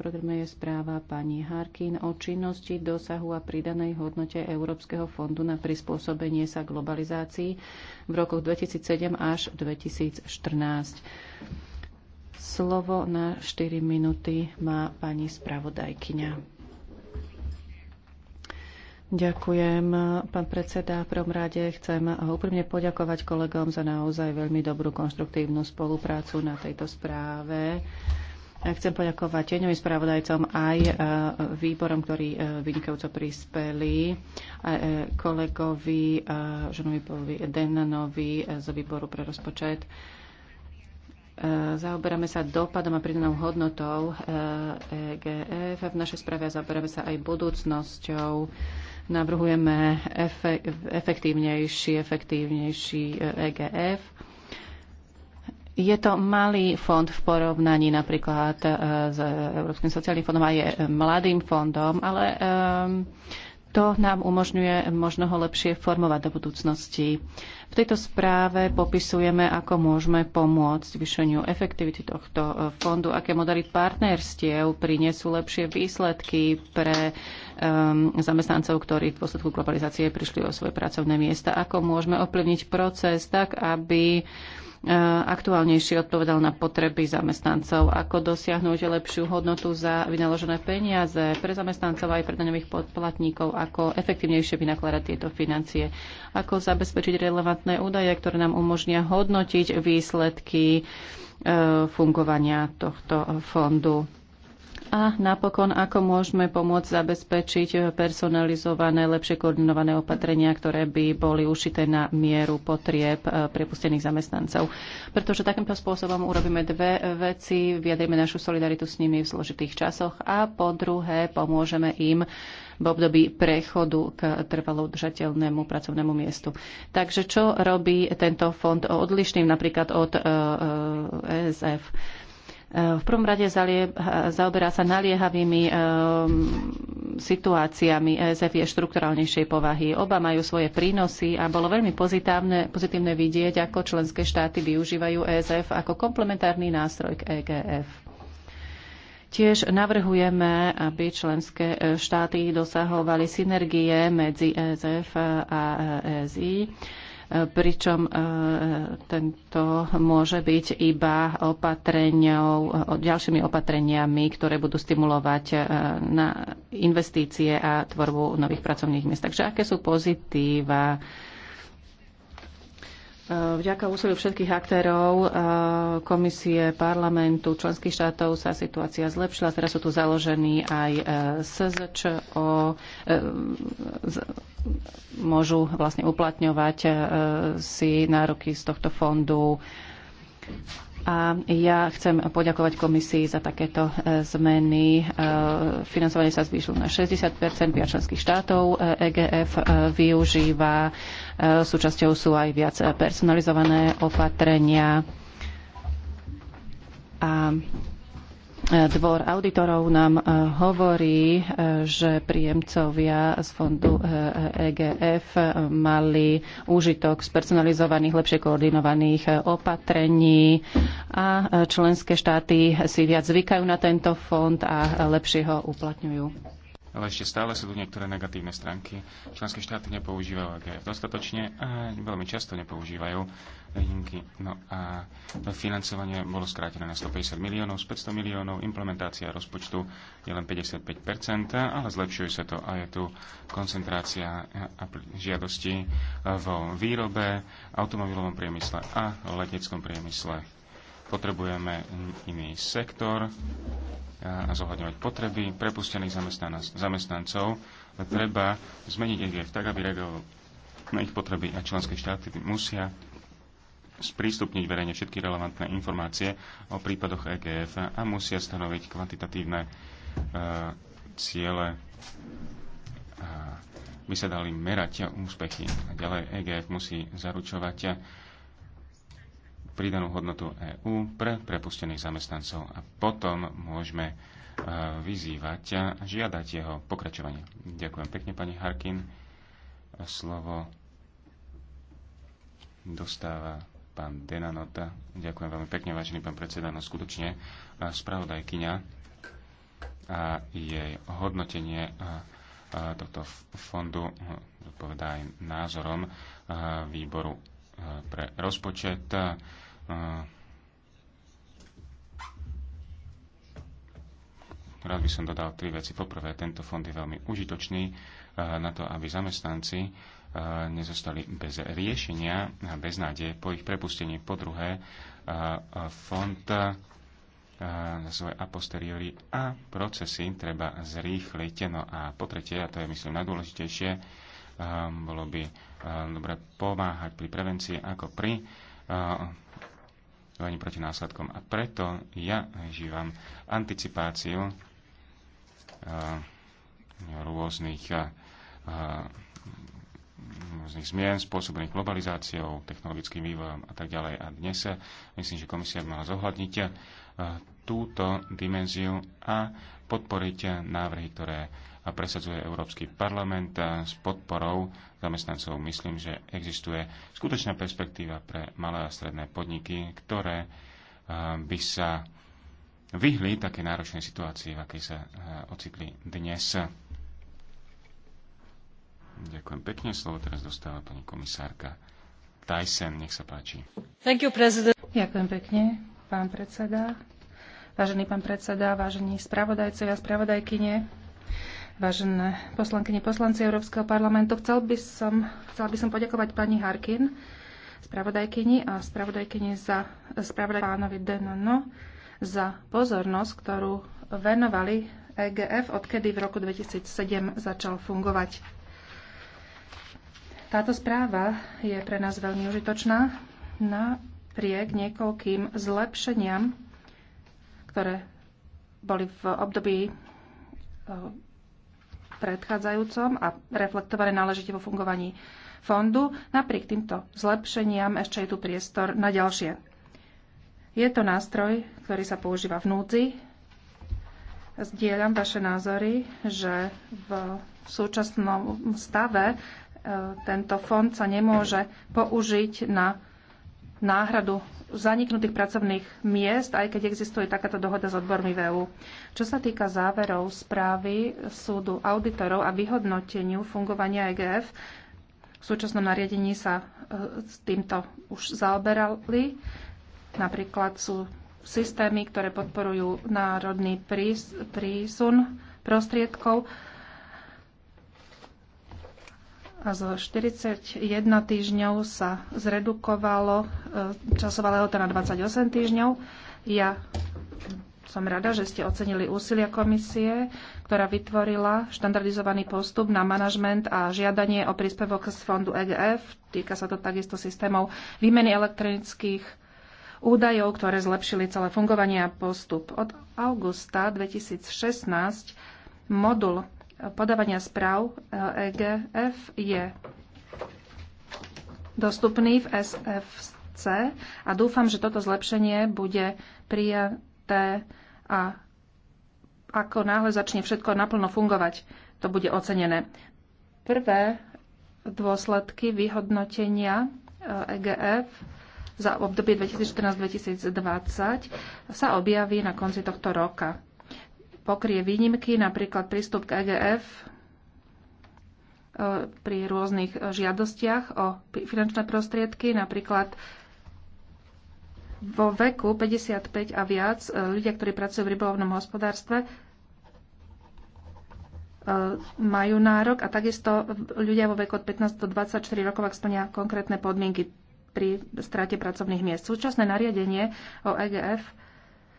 programe je správa pani Harkin o činnosti, dosahu a pridanej hodnote Európskeho fondu na prispôsobenie sa globalizácii v rokoch 2007 až 2014. Slovo na 4 minúty má pani spravodajkyňa. Ďakujem, pán predseda. V prvom rade chcem úprimne poďakovať kolegom za naozaj veľmi dobrú konštruktívnu spoluprácu na tejto správe. Chcem poďakovať tieňovým spravodajcom aj e, výborom, ktorí e, vynikajúco prispeli, e, kolegovi Žanovi Polovi Denanovi z výboru pre rozpočet. Zaoberáme sa dopadom a pridanou hodnotou EGF. V našej správe zaoberáme sa aj budúcnosťou. Navrhujeme efektívnejší, efektívnejší EGF je to malý fond v porovnaní napríklad e, s Európskym sociálnym fondom a je e, mladým fondom, ale e, to nám umožňuje možno ho lepšie formovať do budúcnosti. V tejto správe popisujeme, ako môžeme pomôcť zvýšeniu efektivity tohto fondu, aké modely partnerstiev prinesú lepšie výsledky pre um, zamestnancov, ktorí v dôsledku globalizácie prišli o svoje pracovné miesta, ako môžeme ovplyvniť proces tak, aby uh, E, aktuálnejšie odpovedal na potreby zamestnancov, ako dosiahnuť lepšiu hodnotu za vynaložené peniaze pre zamestnancov aj pre daňových podplatníkov, ako efektívnejšie vynakladať tieto financie, ako zabezpečiť relevantné údaje, ktoré nám umožnia hodnotiť výsledky e, fungovania tohto fondu a napokon, ako môžeme pomôcť zabezpečiť personalizované, lepšie koordinované opatrenia, ktoré by boli ušité na mieru potrieb eh, prepustených zamestnancov. Pretože takýmto spôsobom urobíme dve veci, vyjadrime našu solidaritu s nimi v zložitých časoch a po druhé pomôžeme im v období prechodu k trvalo udržateľnému pracovnému miestu. Takže čo robí tento fond odlišným napríklad od ESF? Eh, eh, v prvom rade zaoberá sa naliehavými eh, situáciami. ESF je štrukturálnejšej povahy. Oba majú svoje prínosy a bolo veľmi pozitívne, pozitívne vidieť, ako členské štáty využívajú ESF ako komplementárny nástroj k EGF. Tiež navrhujeme, aby členské eh, štáty dosahovali synergie medzi ESF a ESI pričom e, tento môže byť iba ďalšími opatreniami, ktoré budú stimulovať e, na investície a tvorbu nových pracovných miest. Takže aké sú pozitíva Eh, vďaka úsiliu všetkých aktérov, eh, komisie, parlamentu, členských štátov sa situácia zlepšila. Teraz sú tu založení aj eh, SZČO. Môžu vlastne uplatňovať si nároky z tohto fondu. A ja chcem poďakovať komisii za takéto e, zmeny. E, financovanie sa zvýšilo na 60 viac členských štátov EGF e využíva. Súčasťou sú aj viac personalizované opatrenia. A Dvor auditorov nám e, hovorí, e, že príjemcovia z fondu EGF e mali úžitok z personalizovaných, lepšie koordinovaných opatrení a členské štáty si viac zvykajú na tento fond a lepšie ho uplatňujú. Ale ešte stále sú tu niektoré negatívne stránky. Členské štáty nepoužívajú EGF dostatočne a veľmi často nepoužívajú výnimky. No a financovanie bolo skrátené na 150 miliónov, z 500 miliónov, implementácia rozpočtu je len 55%, ale zlepšuje sa to a je tu koncentrácia žiadosti vo výrobe, automobilovom priemysle a leteckom priemysle. Potrebujeme iný sektor a zohľadňovať potreby prepustených zamestnancov. Treba zmeniť ich tak, aby reagoval na ich potreby a členské štáty musia sprístupniť verejne všetky relevantné informácie o prípadoch EGF a musia stanoviť kvantitatívne uh, ciele. E, a by sa dali merať úspechy. A ďalej EGF musí zaručovať pridanú hodnotu EÚ pre prepustených zamestnancov a potom môžeme e, vyzývať a žiadať jeho pokračovanie. Ďakujem pekne, pani Harkin. Slovo dostáva pán Denanota. Ďakujem veľmi pekne, vážený pán predseda, no skutočne spravodajkyňa a jej hodnotenie tohto fondu hm, odpovedá aj názorom výboru pre rozpočet. Rád by som dodal tri veci. Poprvé, tento fond je veľmi užitočný na to, aby zamestnanci nezostali bez riešenia a bez nádeje po ich prepustení. Po druhé, fond na svoje a posteriori a procesy treba zrýchliť. No a po tretie, a to je myslím najdôležitejšie, bolo by dobre pomáhať pri prevencii ako pri ani proti následkom. A preto ja žívam anticipáciu rôznych rôznych zmien spôsobených globalizáciou, technologickým vývojom a tak ďalej. A dnes eh, myslím, že komisia by mala zohľadniť eh, túto dimenziu a podporiť eh, návrhy, ktoré presadzuje Európsky parlament s podporou zamestnancov. Myslím, že existuje skutočná perspektíva pre malé a stredné podniky, ktoré by sa vyhli také náročnej situácii, v akej sa ocitli dnes. Ďakujem pekne. Slovo teraz dostáva pani komisárka Tyson. Nech sa páči. Thank you, president. Ďakujem pekne, pán predseda. Vážený pán predseda, vážení spravodajcovia, spravodajkyne, vážené poslankyne, poslanci Európskeho parlamentu, chcel by som, chcel by som poďakovať pani Harkin, spravodajkyni a spravodajkyni za spravodaj pánovi Denono za pozornosť, ktorú venovali EGF, odkedy v roku 2007 začal fungovať. Táto správa je pre nás veľmi užitočná napriek niekoľkým zlepšeniam, ktoré boli v období e, predchádzajúcom a reflektované náležite vo fungovaní fondu. Napriek týmto zlepšeniam ešte je tu priestor na ďalšie. Je to nástroj, ktorý sa používa v núdzi. Zdieľam vaše názory, že v súčasnom stave E, tento fond sa nemôže použiť na náhradu zaniknutých pracovných miest, aj keď existuje takáto dohoda s odbormi VU. E Čo sa týka záverov správy súdu auditorov a vyhodnoteniu fungovania EGF, v súčasnom nariadení sa e, s týmto už zaoberali. Napríklad sú systémy, ktoré podporujú národný prísun prostriedkov a zo 41 týždňov sa zredukovalo e, časová lehota na 28 týždňov. Ja som rada, že ste ocenili úsilia komisie, ktorá vytvorila štandardizovaný postup na manažment a žiadanie o príspevok z fondu EGF. Týka sa to takisto systémov výmeny elektronických údajov, ktoré zlepšili celé fungovanie a postup. Od augusta 2016 modul podávania správ EGF eh, e je dostupný v SFC a dúfam, že toto zlepšenie bude prijaté a ako náhle začne všetko naplno fungovať, to bude ocenené. Prvé dôsledky vyhodnotenia EGF eh, e za obdobie 2014-2020 sa objaví na konci tohto roka pokrie výnimky, napríklad prístup k EGF e, pri rôznych e, žiadostiach o finančné prostriedky, napríklad vo veku 55 a viac e, ľudia, ktorí pracujú v rybolovnom hospodárstve, majú nárok a takisto ľudia vo veku od 15 do 24 rokov, ak splnia konkrétne podmienky pri strate pracovných miest. Súčasné nariadenie o EGF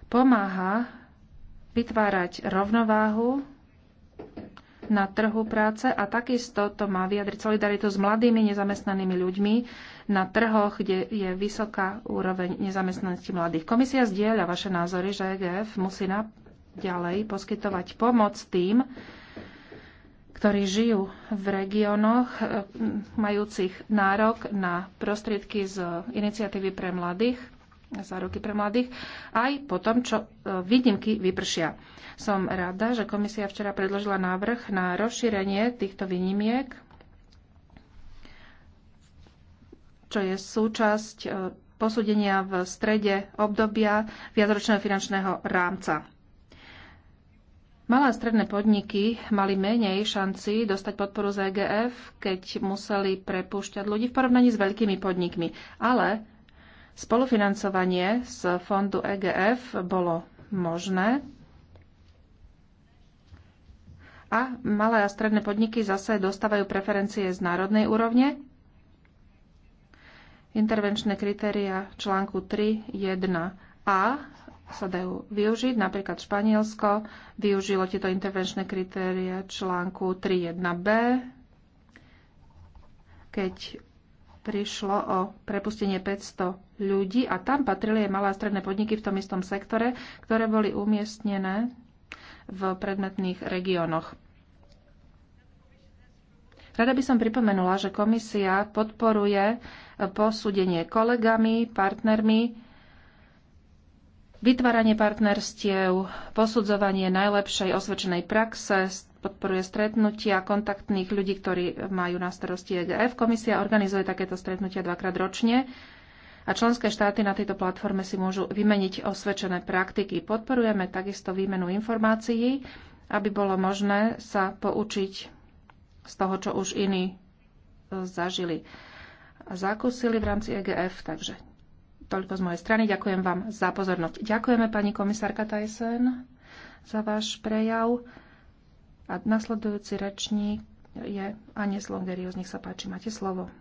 pomáha vytvárať rovnováhu na trhu práce a takisto to má vyjadriť solidaritu s mladými nezamestnanými ľuďmi na trhoch, kde je vysoká úroveň nezamestnanosti mladých. Komisia zdieľa vaše názory, že EGF musí ďalej poskytovať pomoc tým, ktorí žijú v regiónoch eh, majúcich nárok na prostriedky z iniciatívy pre mladých záruky pre mladých, aj po tom, čo e, výnimky vypršia. Som rada, že komisia včera predložila návrh na rozšírenie týchto výnimiek, čo je súčasť e, posúdenia v strede obdobia viacročného finančného rámca. Malé a stredné podniky mali menej šanci dostať podporu z EGF, keď museli prepúšťať ľudí v porovnaní s veľkými podnikmi. Ale Spolufinancovanie z fondu EGF bolo možné a malé a stredné podniky zase dostávajú preferencie z národnej úrovne. Intervenčné kritéria článku 3.1a sa dajú využiť. Napríklad Španielsko využilo tieto intervenčné kritéria článku 3.1b, keď prišlo o prepustenie 500 ľudí a tam patrili aj malé a stredné podniky v tom istom sektore, ktoré boli umiestnené v predmetných regiónoch. Rada by som pripomenula, že komisia podporuje posúdenie kolegami, partnermi, vytváranie partnerstiev, posudzovanie najlepšej osvedčenej praxe, podporuje stretnutia kontaktných ľudí, ktorí majú na starosti EGF. Komisia organizuje takéto stretnutia dvakrát ročne a členské štáty na tejto platforme si môžu vymeniť osvedčené praktiky. Podporujeme takisto výmenu informácií, aby bolo možné sa poučiť z toho, čo už iní e, zažili a zakúsili v rámci EGF. Takže toľko z mojej strany. Ďakujem vám za pozornosť. Ďakujeme pani komisárka Tyson za váš prejav. A nasledujúci rečník je Slongerio. z nich sa páči, máte slovo.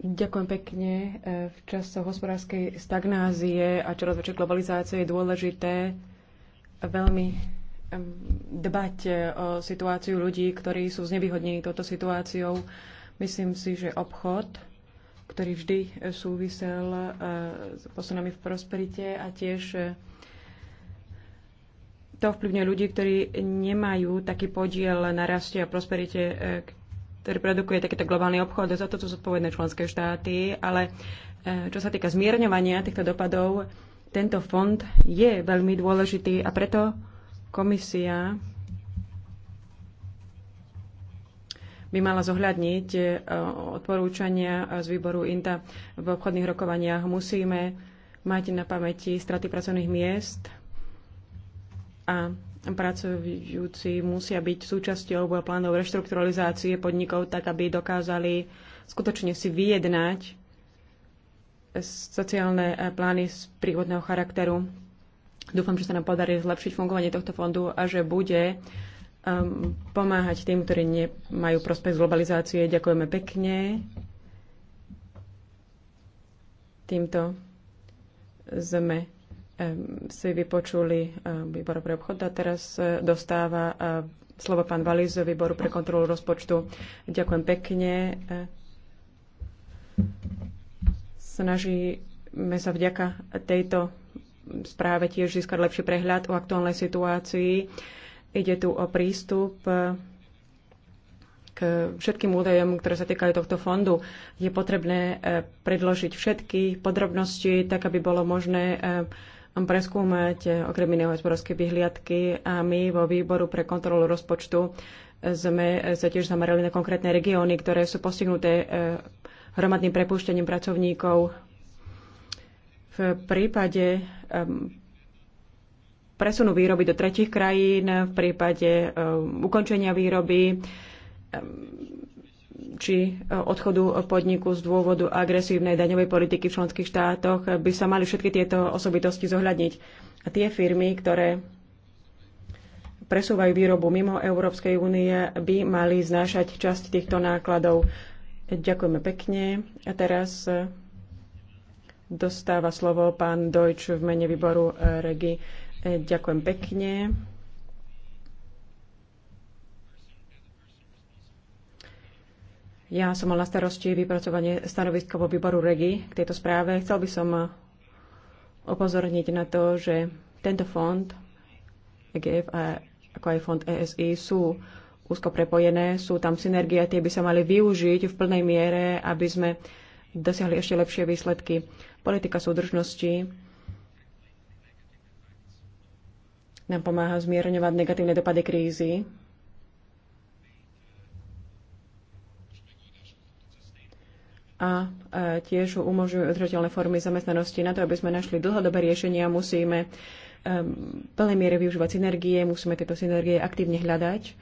Ďakujem pekne. E, v čase hospodárskej stagnázie a čoraz väčšej globalizácie je dôležité veľmi e, dbať e, o situáciu ľudí, ktorí sú znevýhodnení touto situáciou. Myslím si, že obchod ktorý vždy e, súvisel e, s posunami v prosperite a tiež e, to vplyvňuje ľudí, ktorí nemajú taký podiel na raste a prosperite, ktorý produkuje takýto globálny obchod. Za to sú zodpovedné členské štáty, ale čo sa týka zmierňovania týchto dopadov, tento fond je veľmi dôležitý a preto komisia by mala zohľadniť e, odporúčania z výboru INTA v obchodných rokovaniach. Musíme mať na pamäti straty pracovných miest a pracujúci musia byť súčasťou plánov reštrukturalizácie podnikov tak, aby dokázali skutočne si vyjednať sociálne plány z prírodného charakteru. Dúfam, že sa nám podarí zlepšiť fungovanie tohto fondu a že bude Ehm, pomáhať tým, ktorí nemajú prospekt z globalizácie. Ďakujeme pekne. Týmto sme ehm, si vypočuli ehm, výbor pre obchod a teraz e, dostáva e, slovo pán Valiz z výboru pre kontrolu rozpočtu. Ďakujem pekne. E, snažíme sa vďaka tejto správe tiež získať lepší prehľad o aktuálnej situácii Ide tu o prístup e, k všetkým údajom, ktoré sa týkajú tohto fondu. Je potrebné e, predložiť všetky podrobnosti, tak aby bolo možné e, preskúmať okrem iného hospodárske vyhliadky a my vo výboru pre kontrolu rozpočtu sme sa tiež zamerali na konkrétne regióny, ktoré sú postihnuté hromadným prepúšťaním pracovníkov. V prípade presunu výroby do tretich krajín v prípade e, ukončenia výroby e, či e, odchodu podniku z dôvodu agresívnej daňovej politiky v členských štátoch by sa mali všetky tieto osobitosti zohľadniť. A tie firmy, ktoré presúvajú výrobu mimo Európskej únie, by mali znášať časť týchto nákladov. Ďakujeme pekne. A teraz dostáva slovo pán Dojč v mene výboru REGI. E, ďakujem pekne. Ja som mal na starosti vypracovanie stanoviska vo výboru REGI k tejto správe. Chcel by som upozorniť na to, že tento fond EGF a ako aj fond ESI sú úzko prepojené, sú tam synergie, tie by sa mali využiť v plnej miere, aby sme dosiahli ešte lepšie výsledky. Politika súdržnosti nám pomáha zmierňovať negatívne dopady krízy. A e, tiež umožňujú udržateľné formy zamestnanosti. Na to, aby sme našli dlhodobé riešenia, musíme e, v plnej miere využívať synergie, musíme tieto synergie aktívne hľadať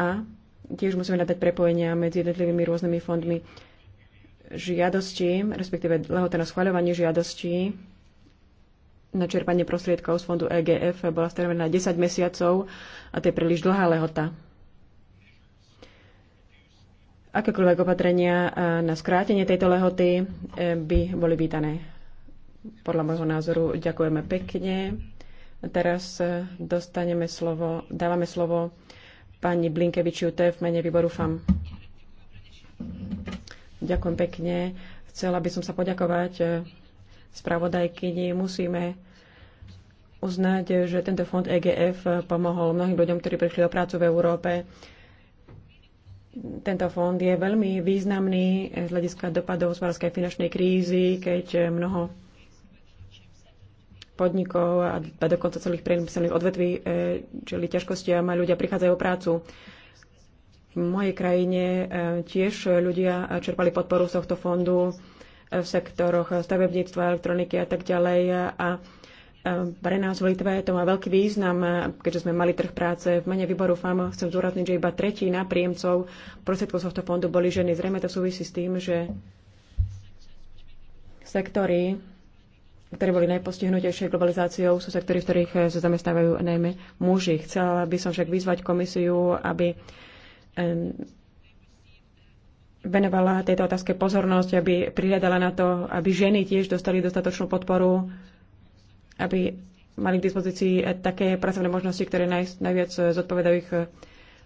a tiež musíme hľadať prepojenia medzi jednotlivými rôznymi fondmi žiadosti, respektíve lehota na schváľovanie žiadostí na čerpanie prostriedkov z fondu EGF bola stanovená 10 mesiacov a to je príliš dlhá lehota. Akékoľvek opatrenia e, na skrátenie tejto lehoty e, by boli vítané. Podľa môjho názoru ďakujeme pekne. Teraz e, dostaneme slovo, dávame slovo pani Blinkevičiute v mene výboru FAM. Ďakujem pekne. Chcela by som sa poďakovať spravodajkyni. Musíme uznať, že tento fond EGF pomohol mnohým ľuďom, ktorí prišli o prácu v Európe. Tento fond je veľmi významný z hľadiska dopadov hospodárskej finančnej krízy, keď mnoho podnikov a dokonca celých priemyselných odvetví e, čili ťažkosti a majú ľudia prichádzajú o prácu. V mojej krajine e, tiež ľudia čerpali podporu z tohto fondu v sektoroch stavebníctva, elektroniky a tak ďalej. A pre nás v Litve to má veľký význam, keďže sme mali trh práce. V mene výboru FAM chcem zúrazniť, že iba tretina príjemcov prostriedkov z tohto fondu boli ženy. Zrejme to súvisí s tým, že sektory, ktoré boli najpostihnutejšie globalizáciou, sú sektory, v ktorých sa zamestnávajú najmä muži. Chcela by som však vyzvať komisiu, aby venovala tejto otázke pozornosť, aby prihľadala na to, aby ženy tiež dostali dostatočnú podporu, aby mali k dispozícii také pracovné možnosti, ktoré naj, najviac zodpovedajú ich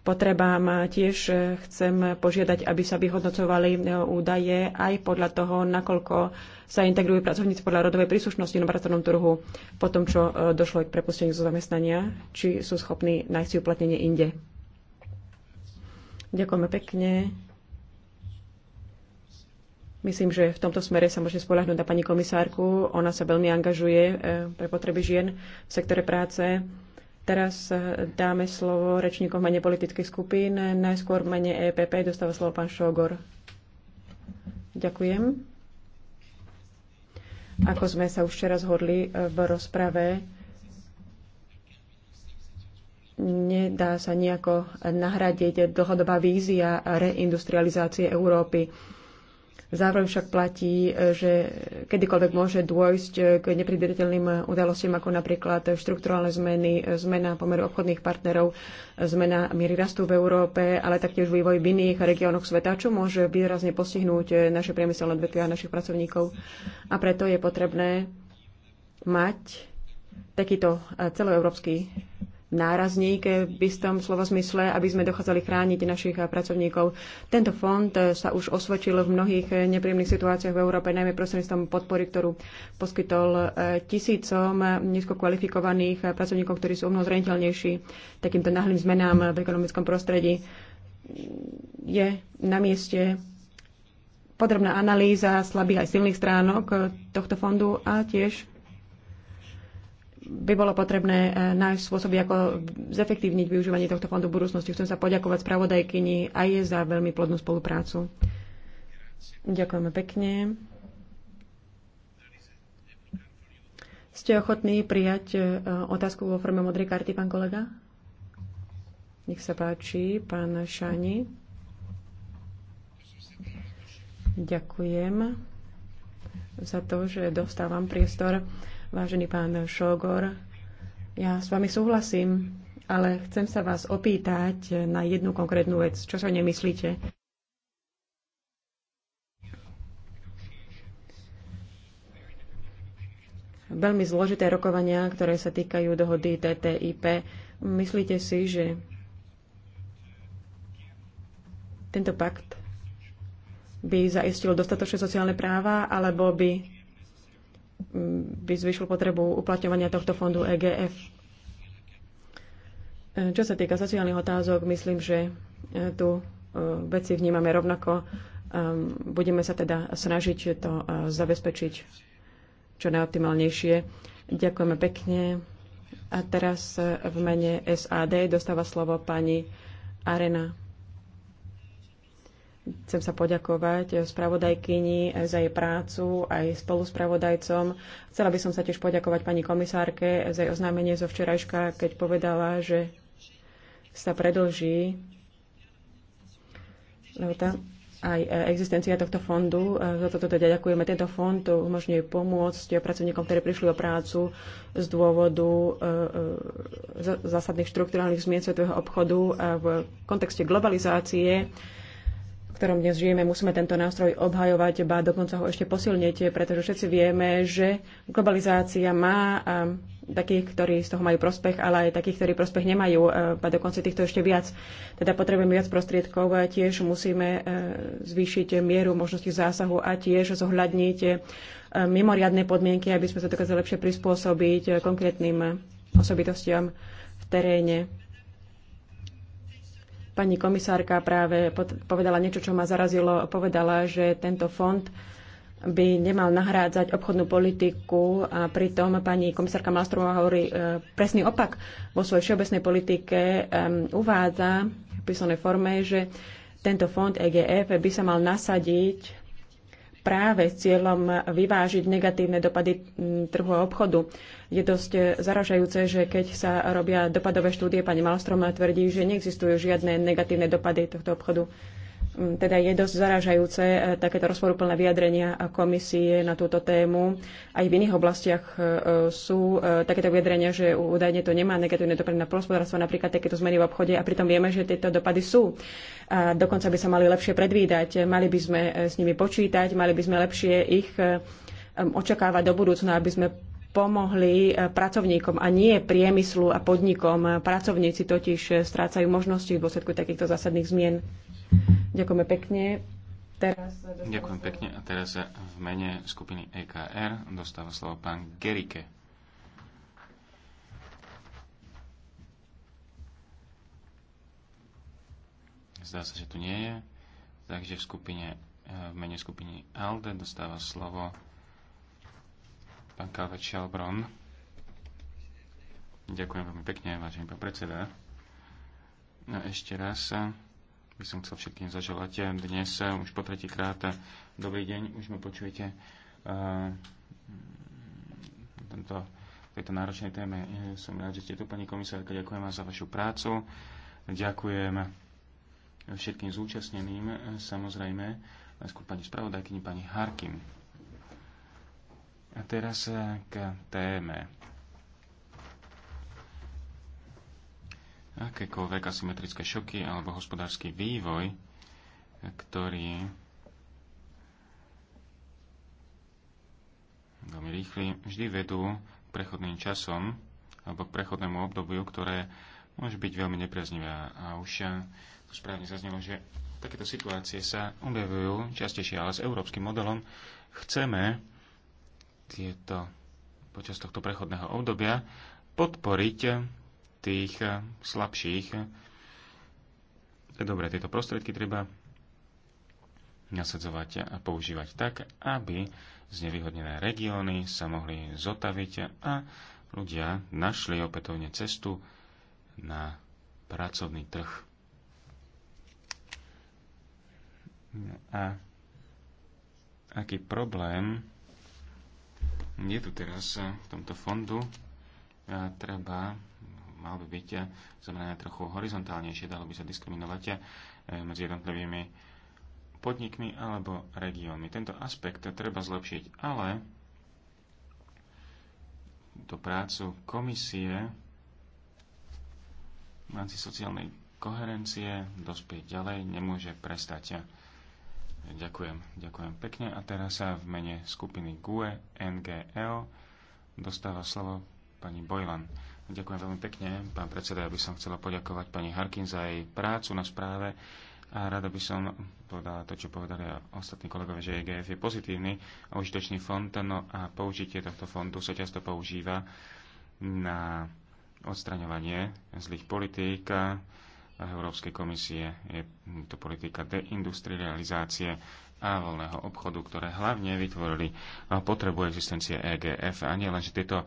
potrebám. Tiež chcem požiadať, aby sa vyhodnocovali údaje aj podľa toho, nakoľko sa integrujú pracovníci podľa rodovej príslušnosti na pracovnom trhu po tom, čo e, došlo k prepusteniu zo zamestnania, či sú schopní nájsť si uplatnenie inde. Ďakujeme pekne. Myslím, že v tomto smere sa môže spolahnúť na pani komisárku. Ona sa veľmi angažuje e, pre potreby žien v sektore práce. Teraz e, dáme slovo rečníkom mene politických skupín. Najskôr mene EPP dostáva slovo pán Šogor. Ďakujem. Ako sme sa už včera zhodli e, v rozprave, nedá sa nejako nahradiť dlhodobá vízia reindustrializácie Európy Zároveň však platí, že kedykoľvek môže dôjsť k nepredvidateľným udalostiam, ako napríklad štrukturálne zmeny, zmena pomeru obchodných partnerov, zmena miery rastu v Európe, ale taktiež vývoj v iných regiónoch sveta, čo môže výrazne postihnúť naše priemyselné odvetvia a našich pracovníkov. A preto je potrebné mať takýto celoeurópsky nárazník v istom slovozmysle, aby sme dochádzali chrániť našich pracovníkov. Tento fond e, sa už osvedčil v mnohých e, nepríjemných situáciách v Európe, najmä prostredníctvom podpory, ktorú poskytol e, tisícom nízko kvalifikovaných pracovníkov, ktorí sú o mnoho zreniteľnejší takýmto náhlým zmenám v ekonomickom prostredí. Je na mieste podrobná analýza slabých aj silných stránok tohto fondu a tiež by bolo potrebné e, nájsť spôsoby, ako zefektívniť využívanie tohto fondu v budúcnosti. Chcem sa poďakovať spravodajkyni aj za veľmi plodnú spoluprácu. Ďakujeme pekne. Ste ochotní prijať e, otázku vo forme modrej karty, pán kolega? Nech sa páči, pán Šani. Ďakujem za to, že dostávam priestor. Vážený pán Šogor, ja s vami súhlasím, ale chcem sa vás opýtať na jednu konkrétnu vec. Čo sa nemyslíte? Veľmi zložité rokovania, ktoré sa týkajú dohody TTIP. Myslíte si, že tento pakt by zaistil dostatočné sociálne práva, alebo by by zvyšil potrebu uplatňovania tohto fondu EGF. E, čo sa týka sociálnych otázok, myslím, že e, tu e, veci vnímame rovnako. Budeme sa teda snažiť to zabezpečiť čo najoptimálnejšie. Ďakujeme pekne. A teraz v mene SAD dostáva slovo pani Arena. Chcem sa poďakovať spravodajkyni za jej prácu aj spoluspravodajcom. Chcela by som sa tiež poďakovať pani komisárke za jej oznámenie zo včerajška, keď povedala, že sa predlží lehota aj existencia tohto fondu. Za toto teda ďakujeme. Tento fond umožňuje pomôcť pracovníkom, ktorí prišli o prácu z dôvodu e, e, zásadných štruktúrálnych zmien svetového obchodu v kontexte globalizácie ktorom dnes žijeme, musíme tento nástroj obhajovať, ba dokonca ho ešte posilniť, pretože všetci vieme, že globalizácia má takých, ktorí z toho majú prospech, ale aj takých, ktorí prospech nemajú, a dokonca týchto ešte viac. Teda potrebujeme viac prostriedkov, a tiež musíme e, zvýšiť mieru možnosti zásahu a tiež zohľadniť e, mimoriadne podmienky, aby sme sa dokázali lepšie prispôsobiť e, konkrétnym osobitostiam v teréne. Pani komisárka práve povedala niečo, čo ma zarazilo. Povedala, že tento fond by nemal nahrádzať obchodnú politiku a pritom pani komisárka Malstrová hovorí e, presný opak. Vo svojej všeobecnej politike uvádza v písomnej forme, že tento fond EGF by sa mal nasadiť práve s cieľom vyvážiť negatívne dopady trhu a obchodu. Je dosť zaražajúce, že keď sa robia dopadové štúdie, pani Malstrom tvrdí, že neexistujú žiadne negatívne dopady tohto obchodu. Mm, teda je dosť zaražajúce e, takéto rozporúplné vyjadrenia komisie na túto tému. Aj v iných oblastiach e, sú e, takéto vyjadrenia, že údajne to nemá negatívne dopady na polospodárstvo, napríklad takéto zmeny v obchode a pritom vieme, že tieto dopady sú. A dokonca by sa mali lepšie predvídať, mali by sme s nimi počítať, mali by sme lepšie ich očakávať do budúcna, aby sme pomohli e, pracovníkom a nie priemyslu a podnikom. E, pracovníci totiž e, strácajú možnosti v dôsledku takýchto zásadných zmien. Ďakujeme pekne. Teraz Ďakujem pekne a teraz v mene skupiny EKR dostáva slovo pán Gerike. Zdá sa, že tu nie je. Takže v skupine, v mene skupiny ALDE dostáva slovo Pán Kalvet Šelbron. Ďakujem veľmi pekne, vážený pán predseda. No, ešte raz by som chcel všetkým zaželať. Dnes už po tretíkrát dobrý deň, už ma počujete uh, eh, tento, tejto náročnej téme. Eh, som rád, že ste tu, pani komisárka. Ďakujem vám za vašu prácu. Ďakujem všetkým zúčastneným, samozrejme, najskôr pani spravodajkyni, pani Harkin. A teraz eh, k téme. Akékoľvek asymetrické šoky alebo hospodársky vývoj, ktorý veľmi rýchly, vždy vedú prechodným časom alebo prechodnému obdobiu, ktoré môže byť veľmi nepriaznivé. A už eh, tu správne zaznelo, že takéto situácie sa objavujú častejšie, ale s európskym modelom chceme tieto, počas tohto prechodného obdobia podporiť tých slabších. Dobre, tieto prostriedky treba nasadzovať a používať tak, aby znevýhodnené regióny sa mohli zotaviť a ľudia našli opätovne cestu na pracovný trh. A aký problém je tu teraz eh, v tomto fondu, eh, treba, mal by byť eh, zamerané trochu horizontálnejšie, dalo by sa diskriminovať medzi jednotlivými podnikmi alebo regiónmi. Tento aspekt treba zlepšiť, ale do prácu komisie v rámci sociálnej koherencie dospieť ďalej nemôže prestať. Ďakujem, ďakujem pekne. A teraz sa v mene skupiny GUE NGL dostáva slovo pani Bojlan. Ďakujem veľmi pekne, pán predseda. Ja by som chcela poďakovať pani Harkin za jej prácu na správe a rada by som povedala to, čo povedali ostatní kolegovia, že EGF je pozitívny a užitočný fond, no a použitie tohto fondu sa často používa na odstraňovanie zlých politík, Európskej komisie. Je to politika deindustrializácie a voľného obchodu, ktoré hlavne vytvorili potrebu existencie EGF. A len, že tieto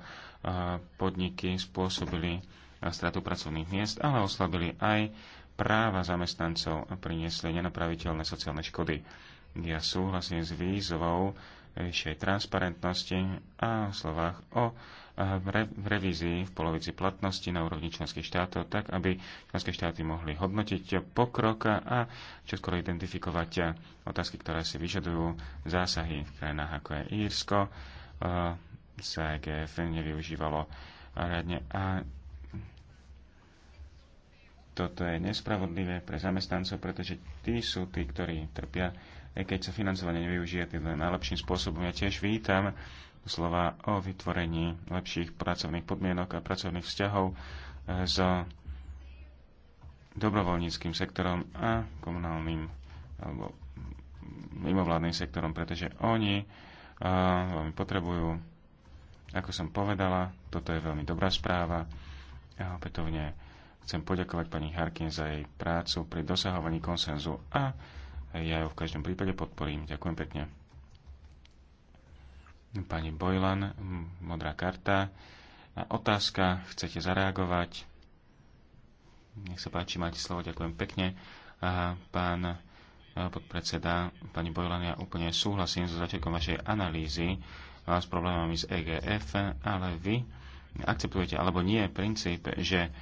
podniky spôsobili stratu pracovných miest, ale oslabili aj práva zamestnancov a priniesli nenapraviteľné sociálne škody. Ja súhlasím s výzvou vyššej transparentnosti a v slovách o v revízii v polovici platnosti na úrovni členských štátov, tak aby členské štáty mohli hodnotiť pokrok a čoskoro identifikovať otázky, ktoré si vyžadujú zásahy v krajinách ako je Írsko, sa EGF nevyužívalo riadne a toto je nespravodlivé pre zamestnancov, pretože tí sú tí, ktorí trpia E, keď sa financovanie nevyužije tým najlepším spôsobom. Ja tiež vítam slova o vytvorení lepších pracovných podmienok a pracovných vzťahov e, s dobrovoľníckým sektorom a komunálnym alebo mimovládnym sektorom, pretože oni e, veľmi potrebujú, ako som povedala, toto je veľmi dobrá správa. Ja opätovne chcem poďakovať pani Harkin za jej prácu pri dosahovaní konsenzu a ja ju v každom prípade podporím. Ďakujem pekne. Pani Bojlan, modrá karta. A otázka, chcete zareagovať? Nech sa páči, máte slovo, ďakujem pekne. A pán e, podpredseda, pani Bojlan, ja úplne súhlasím so začiatkom vašej analýzy e, s problémami s EGF, ale vy akceptujete alebo nie princíp, že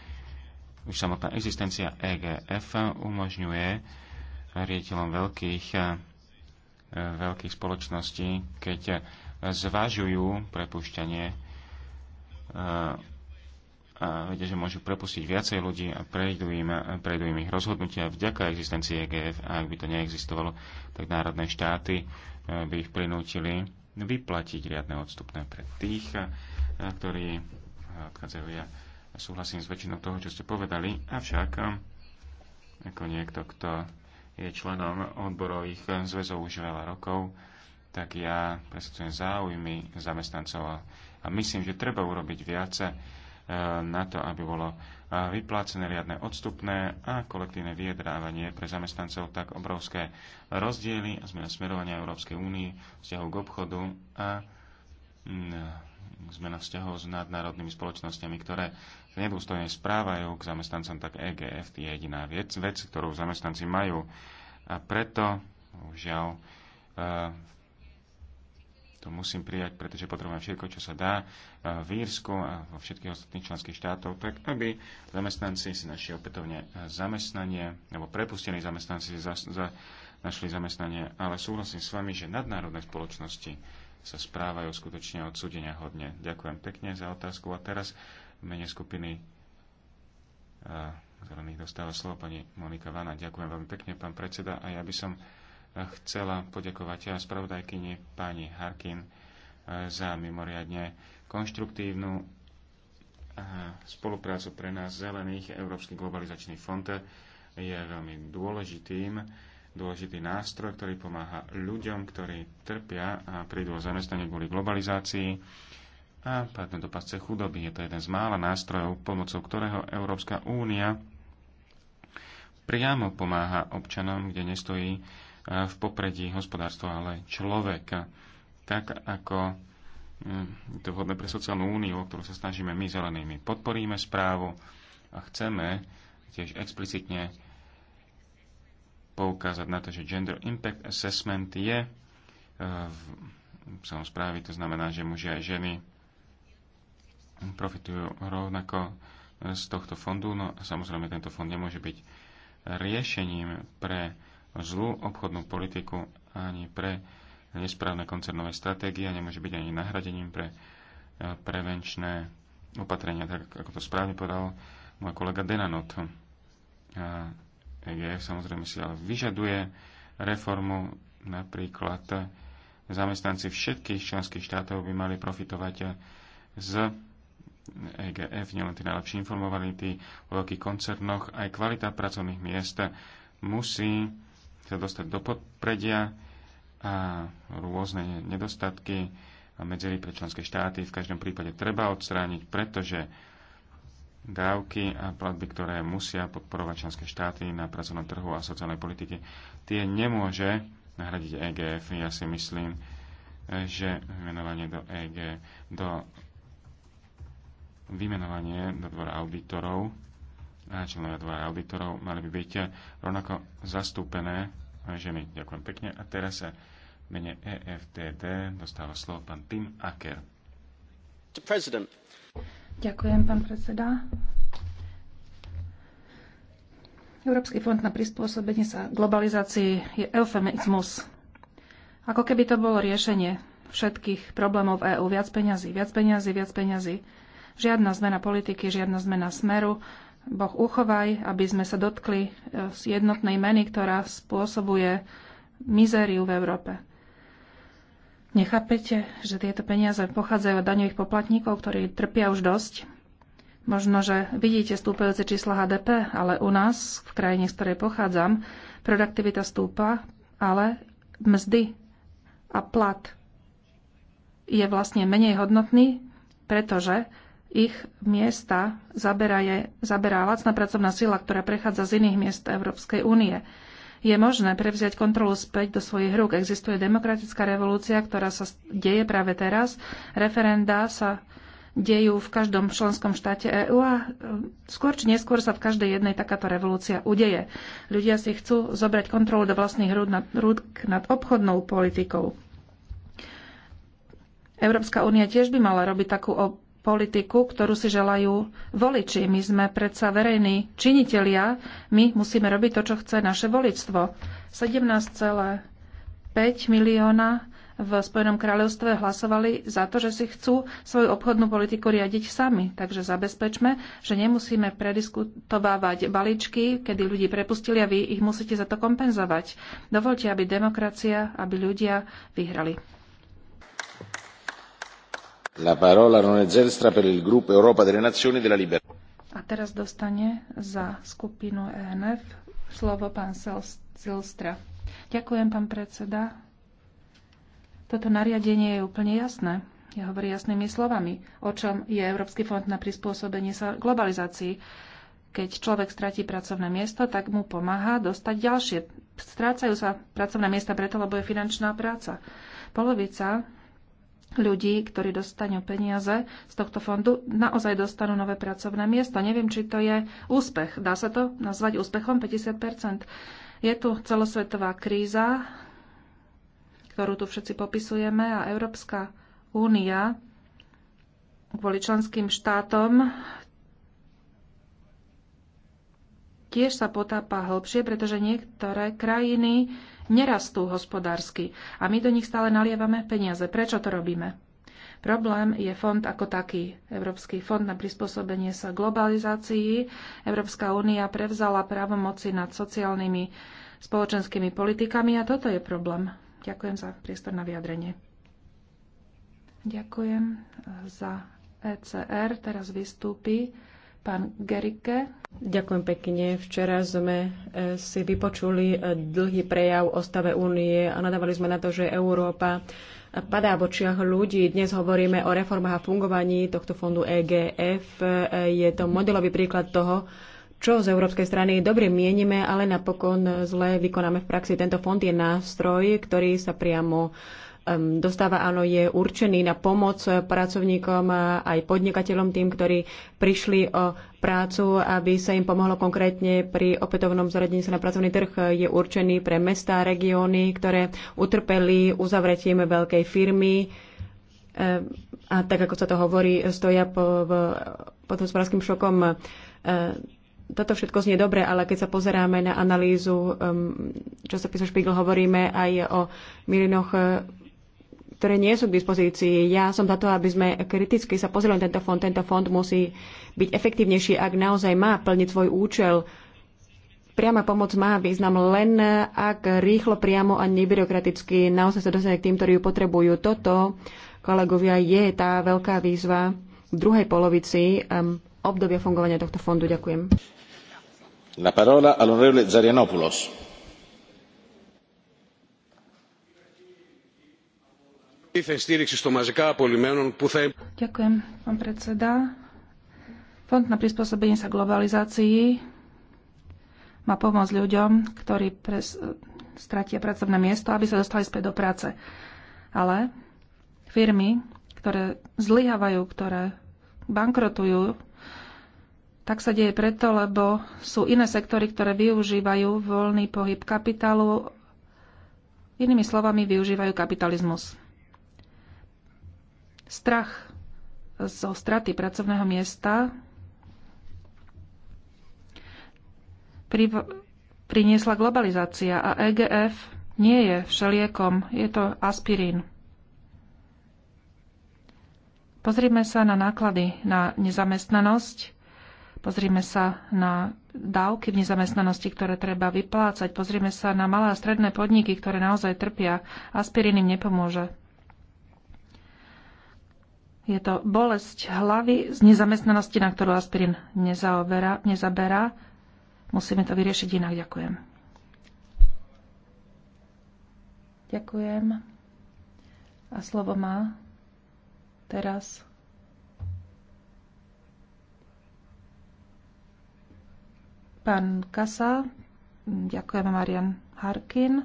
už samotná existencia EGF umožňuje riaditeľom veľkých, eh, veľkých spoločností, keď eh, zvažujú prepušťanie eh, a vedia, že môžu prepustiť viacej ľudí a prejdú im, prejdú im ich rozhodnutia vďaka existencii EGF a ak by to neexistovalo, tak národné štáty by ich prinútili vyplatiť riadne odstupné pre tých, ktorí odchádzajú. Ja súhlasím s väčšinou toho, čo ste povedali, avšak ako niekto, kto je členom odborových zväzov už veľa rokov, tak ja presadzujem záujmy zamestnancov a myslím, že treba urobiť viac eh, na to, aby bolo eh, vyplácené riadne odstupné a kolektívne vyjedrávanie pre zamestnancov tak obrovské rozdiely a zmena smerovania Európskej únii vzťahov k obchodu a mm, zmena vzťahov s nadnárodnými spoločnosťami, ktoré nedôstojne správajú k zamestnancom, tak EGF je jediná vec, vec ktorú zamestnanci majú. A preto, žiaľ, e, to musím prijať, pretože potrebujem všetko, čo sa dá e, v Írsku a vo všetkých ostatných členských štátov, tak aby zamestnanci si našli opätovne zamestnanie, alebo prepustení zamestnanci si za, za, našli zamestnanie, ale súhlasím s vami, že nadnárodné spoločnosti sa správajú skutočne odsudenia hodne. Ďakujem pekne za otázku a teraz v mene skupiny zelených dostáva slovo pani Monika Vana. Ďakujem veľmi pekne, pán predseda, a ja by som e, chcela poďakovať aj spravodajkyni pani Harkin e, za mimoriadne konštruktívnu e, spoluprácu pre nás zelených. Európsky globalizačný fond je veľmi dôležitým dôležitý nástroj, ktorý pomáha ľuďom, ktorí trpia a prídu o zamestnanie kvôli globalizácii a padne do pasce chudoby. Je to jeden z mála nástrojov, pomocou ktorého Európska únia priamo pomáha občanom, kde nestojí e, v popredí hospodárstvo, ale človek. Tak ako mm, je to vhodné pre sociálnu úniu, o ktorú sa snažíme my zelenými. Podporíme správu a chceme tiež explicitne poukázať na to, že Gender Impact Assessment je e, v samosprávy, to znamená, že muži aj ženy profitujú rovnako z tohto fondu. No a samozrejme tento fond nemôže byť riešením pre zlú obchodnú politiku ani pre nesprávne koncernové stratégie a nemôže byť ani nahradením pre eh, prevenčné opatrenia, tak ako to správne povedal môj kolega Denanot. EGF samozrejme si ale vyžaduje reformu, napríklad eh, zamestnanci všetkých členských štátov by mali profitovať eh, z EGF, nielen tí najlepšie informovaní, tí o veľkých koncernoch, aj kvalita pracovných miest musí sa dostať do podpredia a rôzne nedostatky a medzery pre členské štáty v každom prípade treba odstrániť, pretože dávky a platby, ktoré musia podporovať členské štáty na pracovnom trhu a sociálnej politike, tie nemôže nahradiť EGF. Ja si myslím, že menovanie do EG, do vymenovanie do dvora auditorov členovia dvora auditorov mali by byť rovnako zastúpené ženy. Ďakujem pekne. A teraz sa mene EFTD dostáva slovo pán Tim Aker. Ďakujem, pán predseda. Európsky fond na prispôsobenie sa globalizácii je eufemizmus. Ako keby to bolo riešenie všetkých problémov EÚ. Viac peňazí, viac peňazí, viac peňazí. Žiadna zmena politiky, žiadna zmena smeru. Boh uchovaj, aby sme sa dotkli e, z jednotnej meny, ktorá spôsobuje mizériu v Európe. Nechápete, že tieto peniaze pochádzajú od daňových poplatníkov, ktorí trpia už dosť? Možno, že vidíte stúpajúce čísla HDP, ale u nás, v krajine, z ktorej pochádzam, produktivita stúpa, ale mzdy a plat je vlastne menej hodnotný, pretože ich miesta zaberá, je, zaberá lacná pracovná sila, ktorá prechádza z iných miest Európskej únie. Je možné prevziať kontrolu späť do svojich rúk. Existuje demokratická revolúcia, ktorá sa deje práve teraz. Referenda sa dejú v každom členskom štáte EÚ a e, skôr či neskôr sa v každej jednej takáto revolúcia udeje. Ľudia si chcú zobrať kontrolu do vlastných rúk nad, rúk nad obchodnou politikou. Európska únia tiež by mala robiť takú politiku, ktorú si želajú voliči. My sme predsa verejní činitelia, my musíme robiť to, čo chce naše voličstvo. 17,5 milióna v Spojenom kráľovstve hlasovali za to, že si chcú svoju obchodnú politiku riadiť sami. Takže zabezpečme, že nemusíme prediskutovávať balíčky, kedy ľudí prepustili a vy ich musíte za to kompenzovať. Dovolte, aby demokracia, aby ľudia vyhrali. La parola non è Zelstra per il gruppo Europa delle Nazioni della Libertà. A teraz dostane za skupinu ENF slovo pán Zelstra. Ďakujem, pán predseda. Toto nariadenie je úplne jasné. Ja hovorí jasnými slovami, o čom je Európsky fond na prispôsobenie sa globalizácii. Keď človek stratí pracovné miesto, tak mu pomáha dostať ďalšie. Strácajú sa pracovné miesta preto, lebo je finančná práca. Polovica ľudí, ktorí dostanú peniaze z tohto fondu, naozaj dostanú nové pracovné miesta. Neviem, či to je úspech. Dá sa to nazvať úspechom 50 Je tu celosvetová kríza, ktorú tu všetci popisujeme a Európska únia kvôli členským štátom tiež sa potápa hlbšie, pretože niektoré krajiny nerastú hospodársky a my do nich stále nalievame peniaze. Prečo to robíme? Problém je fond ako taký. Európsky fond na prispôsobenie sa globalizácii. Európska únia prevzala právomoci nad sociálnymi spoločenskými politikami a toto je problém. Ďakujem za priestor na vyjadrenie. Ďakujem za ECR. Teraz vystúpi Pán Gerike. Ďakujem pekne. Včera sme e, si vypočuli e, dlhý prejav o stave únie a nadávali sme na to, že Európa padá v očiach ľudí. Dnes hovoríme o reformách a fungovaní tohto fondu EGF. E, je to modelový príklad toho, čo z európskej strany dobre mienime, ale napokon zle vykonáme v praxi. Tento fond je nástroj, ktorý sa priamo uh, dostáva, áno, je určený na pomoc pracovníkom a aj podnikateľom, tým, ktorí prišli o prácu, aby sa im pomohlo konkrétne pri opätovnom zaradení sa na pracovný trh. Je určený pre mestá, regióny, ktoré utrpeli uzavretím veľkej firmy a tak, ako sa to hovorí, stoja po, pod hospodárským šokom toto všetko znie dobre, ale keď sa pozeráme na analýzu čo sa písa Špígl, hovoríme aj o miliónoch ktoré nie sú k dispozícii. Ja som za to, aby sme kriticky sa pozreli na tento fond. Tento fond musí byť efektívnejší, ak naozaj má plniť svoj účel. Priama pomoc má význam len, ak rýchlo, priamo a nebyrokraticky naozaj sa dostane k tým, ktorí ju potrebujú. Toto, kolegovia, je tá veľká výzva v druhej polovici um, obdobia fungovania tohto fondu. Ďakujem. La parola Ďakujem, pán predseda. Fond na prispôsobenie sa globalizácii má pomôcť ľuďom, ktorí pres, stratia pracovné miesto, aby sa dostali späť do práce. Ale firmy, ktoré zlyhávajú, ktoré bankrotujú, tak sa deje preto, lebo sú iné sektory, ktoré využívajú voľný pohyb kapitálu. Inými slovami, využívajú kapitalizmus. Strach zo straty pracovného miesta priniesla globalizácia a EGF nie je všeliekom, je to aspirín. Pozrime sa na náklady na nezamestnanosť, pozrime sa na dávky v nezamestnanosti, ktoré treba vyplácať, pozrime sa na malé a stredné podniky, ktoré naozaj trpia. Aspirín im nepomôže. Je to bolesť hlavy z nezamestnanosti, na ktorú aspirín nezaoberá, nezaberá. Musíme to vyriešiť inak. Ďakujem. Ďakujem. A slovo má teraz pán Kasa. Ďakujeme Marian Harkin.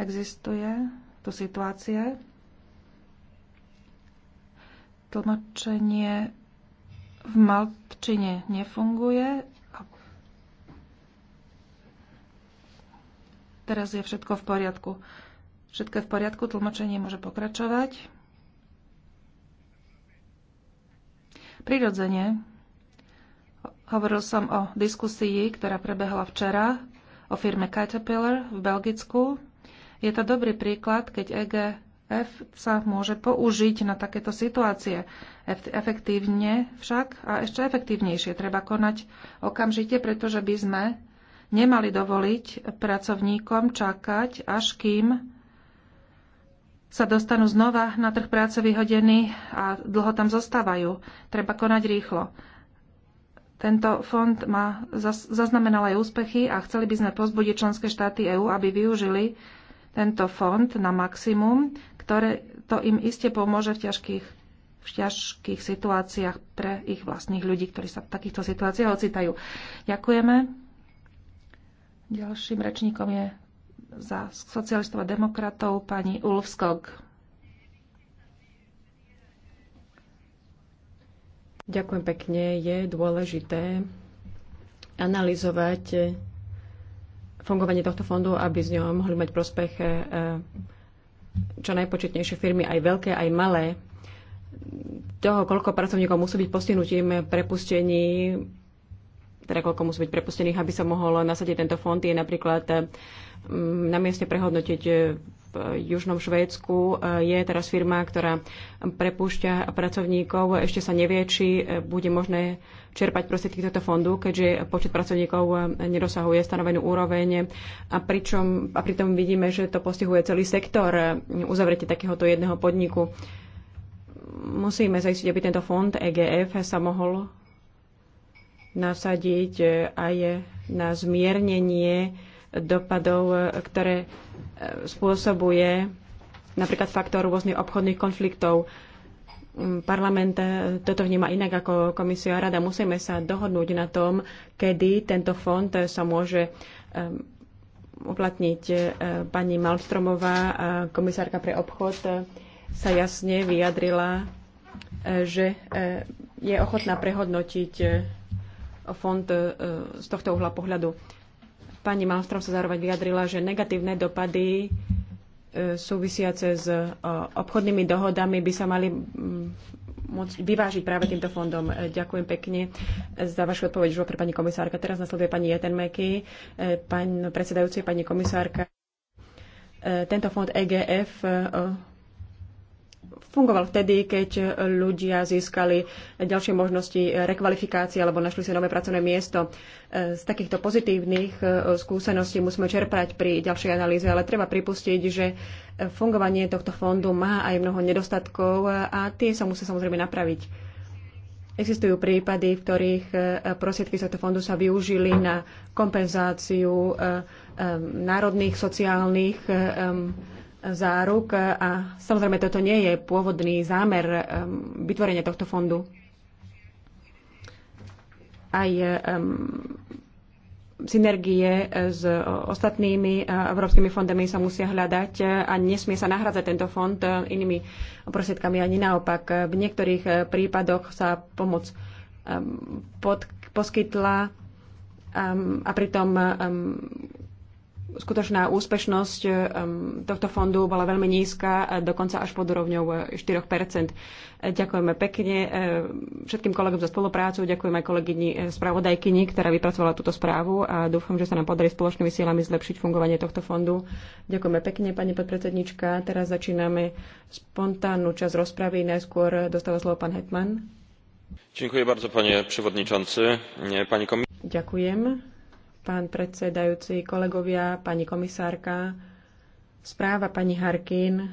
existuje tu situácie. Tlmočenie v malčine nefunguje. Teraz je všetko v poriadku. Všetko je v poriadku, tlmočenie môže pokračovať. Prirodzene hovoril som o diskusii, ktorá prebehla včera o firme Caterpillar v Belgicku. Je to dobrý príklad, keď EGF sa môže použiť na takéto situácie. Efektívne však a ešte efektívnejšie treba konať okamžite, pretože by sme nemali dovoliť pracovníkom čakať, až kým sa dostanú znova na trh práce vyhodení a dlho tam zostávajú. Treba konať rýchlo. Tento fond má, zaznamenal aj úspechy a chceli by sme pozbudiť členské štáty EÚ, aby využili tento fond na maximum, ktoré to im iste pomôže v ťažkých, v ťažkých situáciách pre ich vlastných ľudí, ktorí sa v takýchto situáciách ocitajú. Ďakujeme. Ďalším rečníkom je za socialistov a demokratov pani Ulfskog. Ďakujem pekne. Je dôležité analyzovať fungovanie tohto fondu, aby z ňom mohli mať prospech e, e, čo najpočetnejšie firmy, aj veľké, aj malé. Toho, koľko pracovníkov musí byť postihnutím prepustení, teda koľko musí byť prepustených, aby sa mohol nasadiť tento fond, je napríklad mm, na mieste prehodnotiť Južnom Švédsku eh, je teraz firma, ktorá prepúšťa pracovníkov. Ešte sa nevie, či eh, bude možné čerpať prostriedky tohto fondu, keďže počet pracovníkov eh, nedosahuje stanovenú úroveň. A, pričom, a pritom vidíme, že to postihuje celý sektor uzavretie takéhoto jedného podniku. Musíme zaistiť, aby tento fond EGF sa mohol nasadiť aj na zmiernenie dopadov, e, ktoré e, spôsobuje napríklad faktor rôznych obchodných konfliktov. Mm, parlament e, toto vníma inak ako komisia a rada. Musíme sa dohodnúť na tom, kedy tento fond sa môže uplatniť. Pani Malmstromová, komisárka pre obchod, sa jasne vyjadrila, že je ochotná prehodnotiť fond z tohto uhla pohľadu. Pani Malmström sa zároveň vyjadrila, že negatívne dopady e, súvisiace s e, obchodnými dohodami by sa mali mm, môcť vyvážiť práve týmto fondom. E, ďakujem pekne za vašu odpoveď, už pre pani komisárka. Teraz nasleduje pani Jetenmeky, pán predsedajúci, pani komisárka. Tento fond EGF Fungoval vtedy, keď ľudia získali ďalšie možnosti rekvalifikácie alebo našli si nové pracovné miesto. Z takýchto pozitívnych e, skúseností musíme čerpať pri ďalšej analýze, ale treba pripustiť, že fungovanie tohto fondu má aj mnoho nedostatkov a tie sa musia samozrejme napraviť. Existujú prípady, v ktorých e, prostriedky z tohto fondu sa využili na kompenzáciu e, národných sociálnych záruk a samozrejme toto nie je pôvodný zámer um, vytvorenia tohto fondu. Aj um, synergie e, s ostatnými e, európskymi fondami sa musia hľadať e, a nesmie sa nahradzať tento fond inými prostriedkami ani naopak. V niektorých prípadoch sa pomoc pod, poskytla a pritom skutočná úspešnosť tohto fondu bola veľmi nízka, dokonca až pod úrovňou 4 e, e, Ďakujeme pekne e, všetkým kolegom za spoluprácu, ďakujem aj kolegyni spravodajkyni, ktorá vypracovala túto správu a dúfam, že sa nám podarí spoločnými silami zlepšiť fungovanie tohto fondu. Ďakujeme pekne, pani podpredsednička. Teraz začíname spontánnu časť rozpravy. Najskôr dostáva slovo pán Hetman. Ďakujem bardzo, panie przewodniczący. Pani komis- Ďakujem pán predsedajúci, kolegovia, pani komisárka. Správa pani Harkin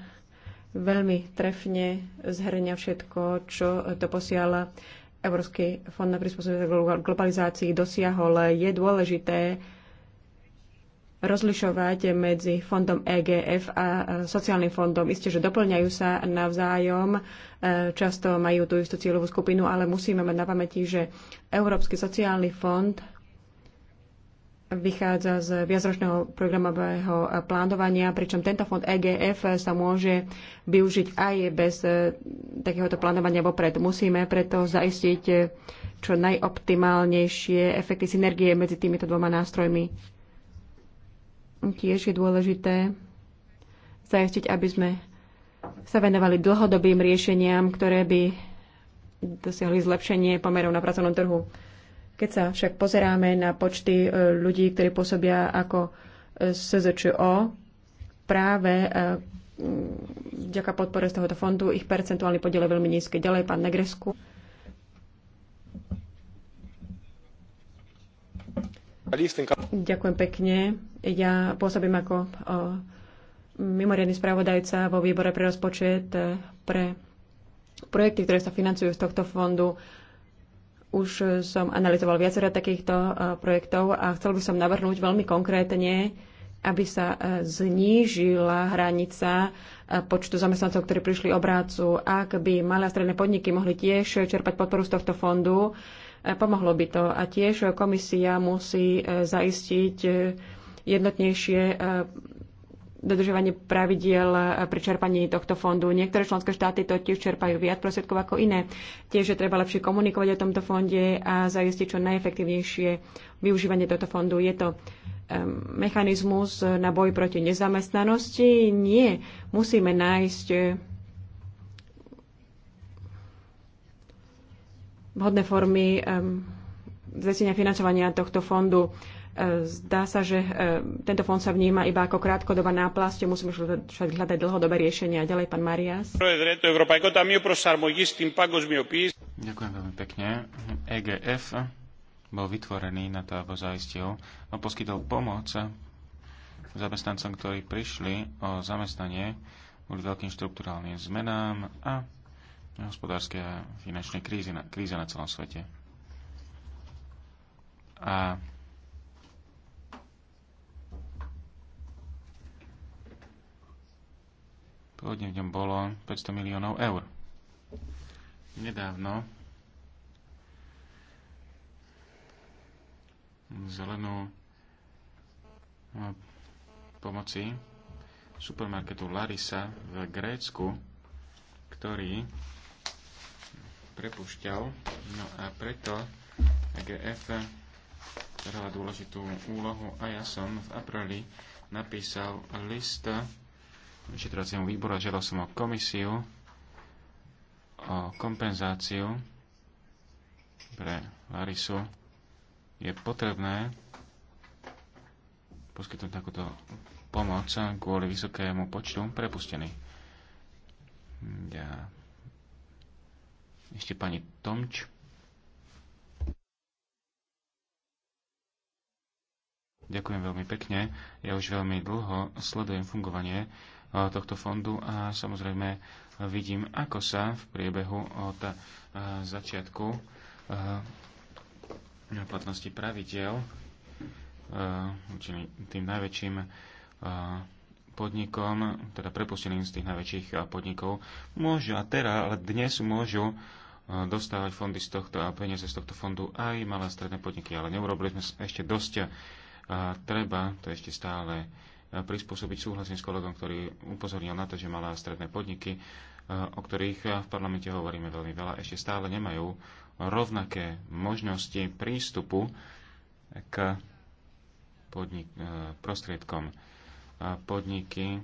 veľmi trefne zhrňa všetko, čo to posiala Európsky fond na prispôsobenie globalizácii dosiahol. Je dôležité rozlišovať medzi fondom EGF a sociálnym fondom. Isté, že doplňajú sa navzájom, e, často majú tú istú cieľovú skupinu, ale musíme mať na pamäti, že Európsky sociálny fond vychádza z viacročného programového plánovania, pričom tento fond EGF sa môže využiť aj bez eh, takéhoto plánovania vopred. Musíme preto zaistiť eh, čo najoptimálnejšie efekty synergie medzi týmito dvoma nástrojmi. Tiež je dôležité zaistiť, aby sme sa venovali dlhodobým riešeniam, ktoré by dosiahli zlepšenie pomerov na pracovnom trhu. Keď sa však pozeráme na počty e, ľudí, ktorí pôsobia ako e, SZČO, práve e, vďaka podpore z tohoto fondu ich percentuálny podiel je veľmi nízky. Ďalej pán Negresku. Ďakujem pekne. Ja pôsobím ako mimoriadný spravodajca vo výbore pre rozpočet pre projekty, ktoré sa financujú z tohto fondu už som analyzoval viacero takýchto e, projektov a chcel by som navrhnúť veľmi konkrétne, aby sa e, znížila hranica e, počtu zamestnancov, ktorí prišli obrácu, Ak by malé a stredné podniky mohli tiež čerpať podporu z tohto fondu, pomohlo by to. A tiež komisia musí zaistiť jednotnejšie dodržovanie pravidiel pri čerpaní tohto fondu. Niektoré členské štáty totiž čerpajú viac prostriedkov ako iné. Tiež je treba lepšie komunikovať o tomto fonde a zajistiť čo najefektívnejšie využívanie tohto fondu. Je to mechanizmus na boj proti nezamestnanosti? Nie. Musíme nájsť eh, vhodné formy zväčšenia financovania tohto fondu. E, zdá sa, že e, tento fond sa vníma iba ako krátkodobá náplasť, musíme však hľadať dlhodobé riešenia. Ďalej, pán Marias. Ďakujem veľmi pekne. EGF bol vytvorený na to, aby zaistil a poskytol pomoc zamestnancom, ktorí prišli o zamestnanie kvôli veľkým štruktúrálnym zmenám a hospodárskej a finančnej kríze na, kríze na celom svete. A Pôvodne v ňom bolo 500 miliónov eur. Nedávno zelenú no, pomoci supermarketu Larisa v Grécku, ktorý prepušťal. No a preto e GF hrala dôležitú úlohu a ja som v apríli napísal list vyšetrovaciemu výboru a žiadal som o komisiu, o kompenzáciu pre Larisu. Je potrebné poskytnúť takúto pomoc kvôli vysokému počtu prepustených. Ja. Ešte pani Tomč. Ďakujem veľmi pekne. Ja už veľmi dlho sledujem fungovanie tohto fondu a samozrejme vidím, ako sa v priebehu od začiatku platnosti pravidel tým najväčším podnikom, teda prepusteným z tých najväčších podnikov, môžu a teraz, ale dnes môžu dostávať fondy z tohto a peniaze z tohto fondu aj malé a stredné podniky, ale neurobili sme ešte dosť. A treba to ešte stále prispôsobiť. Súhlasím s kolegom, ktorý upozornil na to, že malé a stredné podniky, eh, o ktorých v parlamente hovoríme veľmi veľa, ešte stále nemajú rovnaké možnosti prístupu k podnik, eh, prostriedkom. Podniky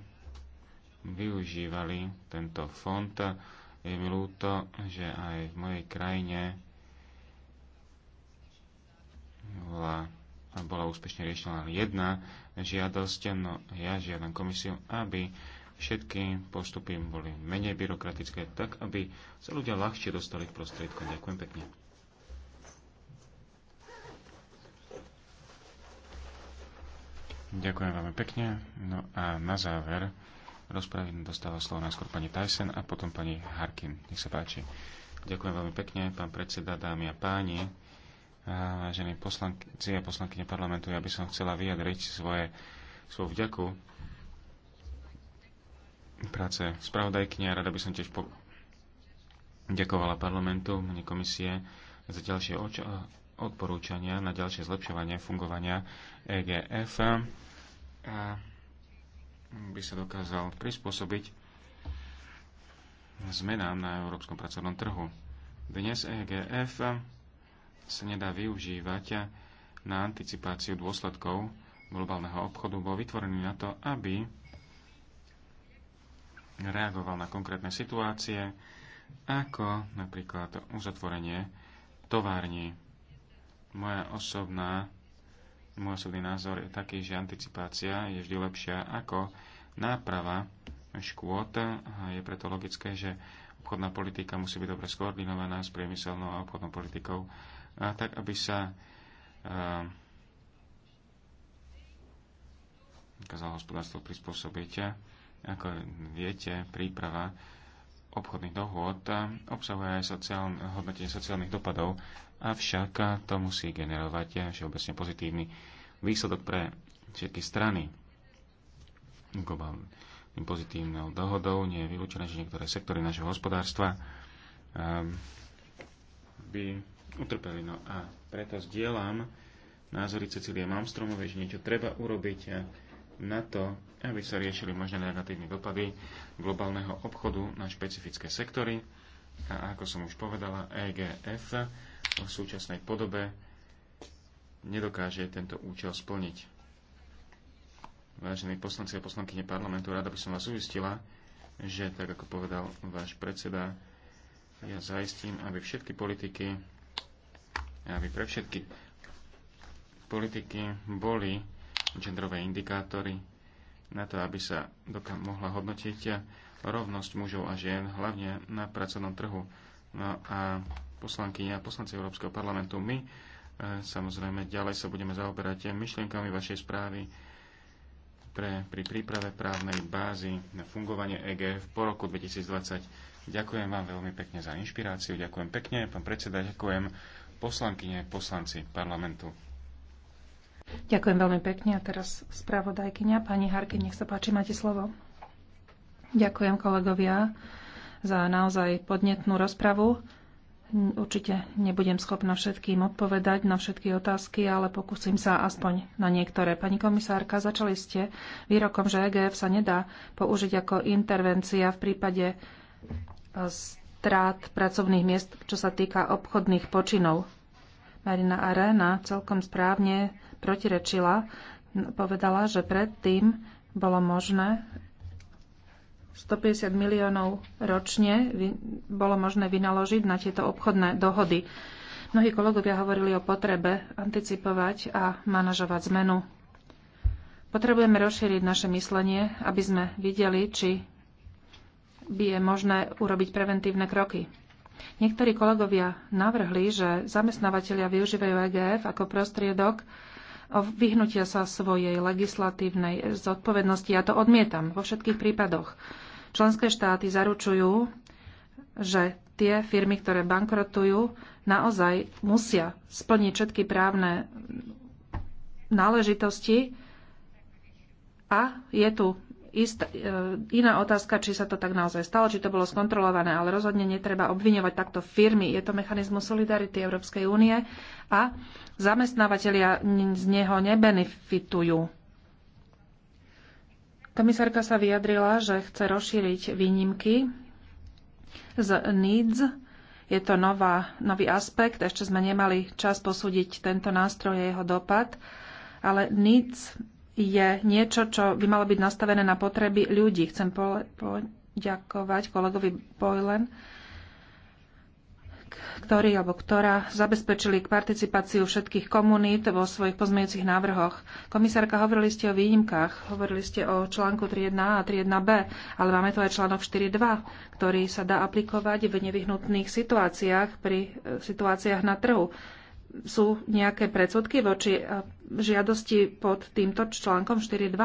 využívali tento fond. Je mi ľúto, že aj v mojej krajine bola, bola úspešne riešená len jedna žiadosť, no ja žiadam komisiu, aby všetky postupy boli menej byrokratické, tak aby sa ľudia ľahšie dostali k prostriedkom. Ďakujem pekne. Ďakujem veľmi pekne. No a na záver rozpravy dostáva slovo najskôr pani Tyson a potom pani Harkin. Nech sa páči. Ďakujem veľmi pekne, pán predseda, dámy a páni vážení poslanci a poslankyne parlamentu, ja by som chcela vyjadriť svoje, svoju vďaku práce spravodajkyne a rada by som tiež po- ďakovala parlamentu, mne komisie za ďalšie oč- odporúčania na ďalšie zlepšovanie fungovania EGF a by sa dokázal prispôsobiť zmenám na európskom pracovnom trhu. Dnes EGF sa nedá využívať na anticipáciu dôsledkov globálneho obchodu, bol vytvorený na to, aby reagoval na konkrétne situácie, ako napríklad uzatvorenie továrni. Moja osobná, môj osobný názor je taký, že anticipácia je vždy lepšia ako náprava škôd a je preto logické, že obchodná politika musí byť dobre skoordinovaná s priemyselnou a obchodnou politikou a tak aby sa ehm, dokázalo hospodárstvo prispôsobiť. Ako viete, príprava obchodných dohôd obsahuje aj sociálne, hodnotenie sociálnych dopadov, avšak to musí generovať všeobecne pozitívny výsledok pre všetky strany. Globálnym pozitívnou dohodou nie je vylúčené, že niektoré sektory našeho hospodárstva ehm, by utrpeli. No a preto zdieľam názory Cecilie Malmstromovej, že niečo treba urobiť na to, aby sa riešili možné negatívne dopady globálneho obchodu na špecifické sektory. A ako som už povedala, EGF v súčasnej podobe nedokáže tento účel splniť. Vážení poslanci a poslankyne parlamentu, rada by som vás uistila, že tak ako povedal váš predseda, ja zaistím, aby všetky politiky aby pre všetky politiky boli genderové indikátory na to, aby sa dokam mohla hodnotiť rovnosť mužov a žien, hlavne na pracovnom trhu. No a poslanky a poslanci Európskeho parlamentu, my e, samozrejme ďalej sa budeme zaoberať myšlienkami vašej správy pre, pri príprave právnej bázy na fungovanie EGF po roku 2020. Ďakujem vám veľmi pekne za inšpiráciu, ďakujem pekne, pán predseda, ďakujem poslankyne, poslanci parlamentu. Ďakujem veľmi pekne. A teraz spravodajkyňa, pani Harky, nech sa páči, máte slovo. Ďakujem kolegovia za naozaj podnetnú rozpravu. Určite nebudem schopná všetkým odpovedať na všetky otázky, ale pokúsim sa aspoň na niektoré. Pani komisárka, začali ste výrokom, že EGF sa nedá použiť ako intervencia v prípade strát pracovných miest, čo sa týka obchodných počinov. Marina Arena celkom správne protirečila. Povedala, že predtým bolo možné 150 miliónov ročne bolo možné vynaložiť na tieto obchodné dohody. Mnohí kolegovia hovorili o potrebe anticipovať a manažovať zmenu. Potrebujeme rozšíriť naše myslenie, aby sme videli, či by je možné urobiť preventívne kroky. Niektorí kolegovia navrhli, že zamestnávateľia využívajú EGF ako prostriedok vyhnutia sa svojej legislatívnej zodpovednosti. Ja to odmietam vo všetkých prípadoch. Členské štáty zaručujú, že tie firmy, ktoré bankrotujú, naozaj musia splniť všetky právne náležitosti a je tu Ist, e, iná otázka, či sa to tak naozaj stalo, či to bolo skontrolované, ale rozhodne netreba obviňovať takto firmy. Je to mechanizmus solidarity Európskej únie a zamestnávateľia z neho nebenefitujú. Komisárka sa vyjadrila, že chce rozšíriť výnimky z NEEDS. Je to nová, nový aspekt, ešte sme nemali čas posúdiť tento nástroj a jeho dopad, ale NEEDS je niečo, čo by malo byť nastavené na potreby ľudí. Chcem poďakovať kolegovi Boylen, ktorý alebo ktorá zabezpečili k participáciu všetkých komunít vo svojich pozmejúcich návrhoch. Komisárka, hovorili ste o výnimkách, hovorili ste o článku 3.1 a 3.1b, ale máme tu aj článok 4.2, ktorý sa dá aplikovať v nevyhnutných situáciách pri e, situáciách na trhu sú nejaké predsudky voči e, žiadosti pod týmto článkom 4.2.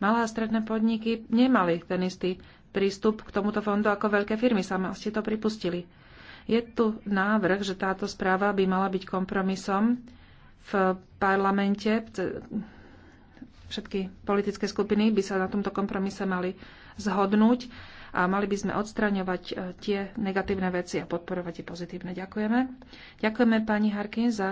Malé a stredné podniky nemali ten istý prístup k tomuto fondu ako veľké firmy. Sama ste to pripustili. Je tu návrh, že táto správa by mala byť kompromisom v parlamente. Všetky politické skupiny by sa na tomto kompromise mali zhodnúť a mali by sme odstraňovať eh, tie negatívne veci a podporovať tie pozitívne. Ďakujeme. Ďakujeme pani Harkin za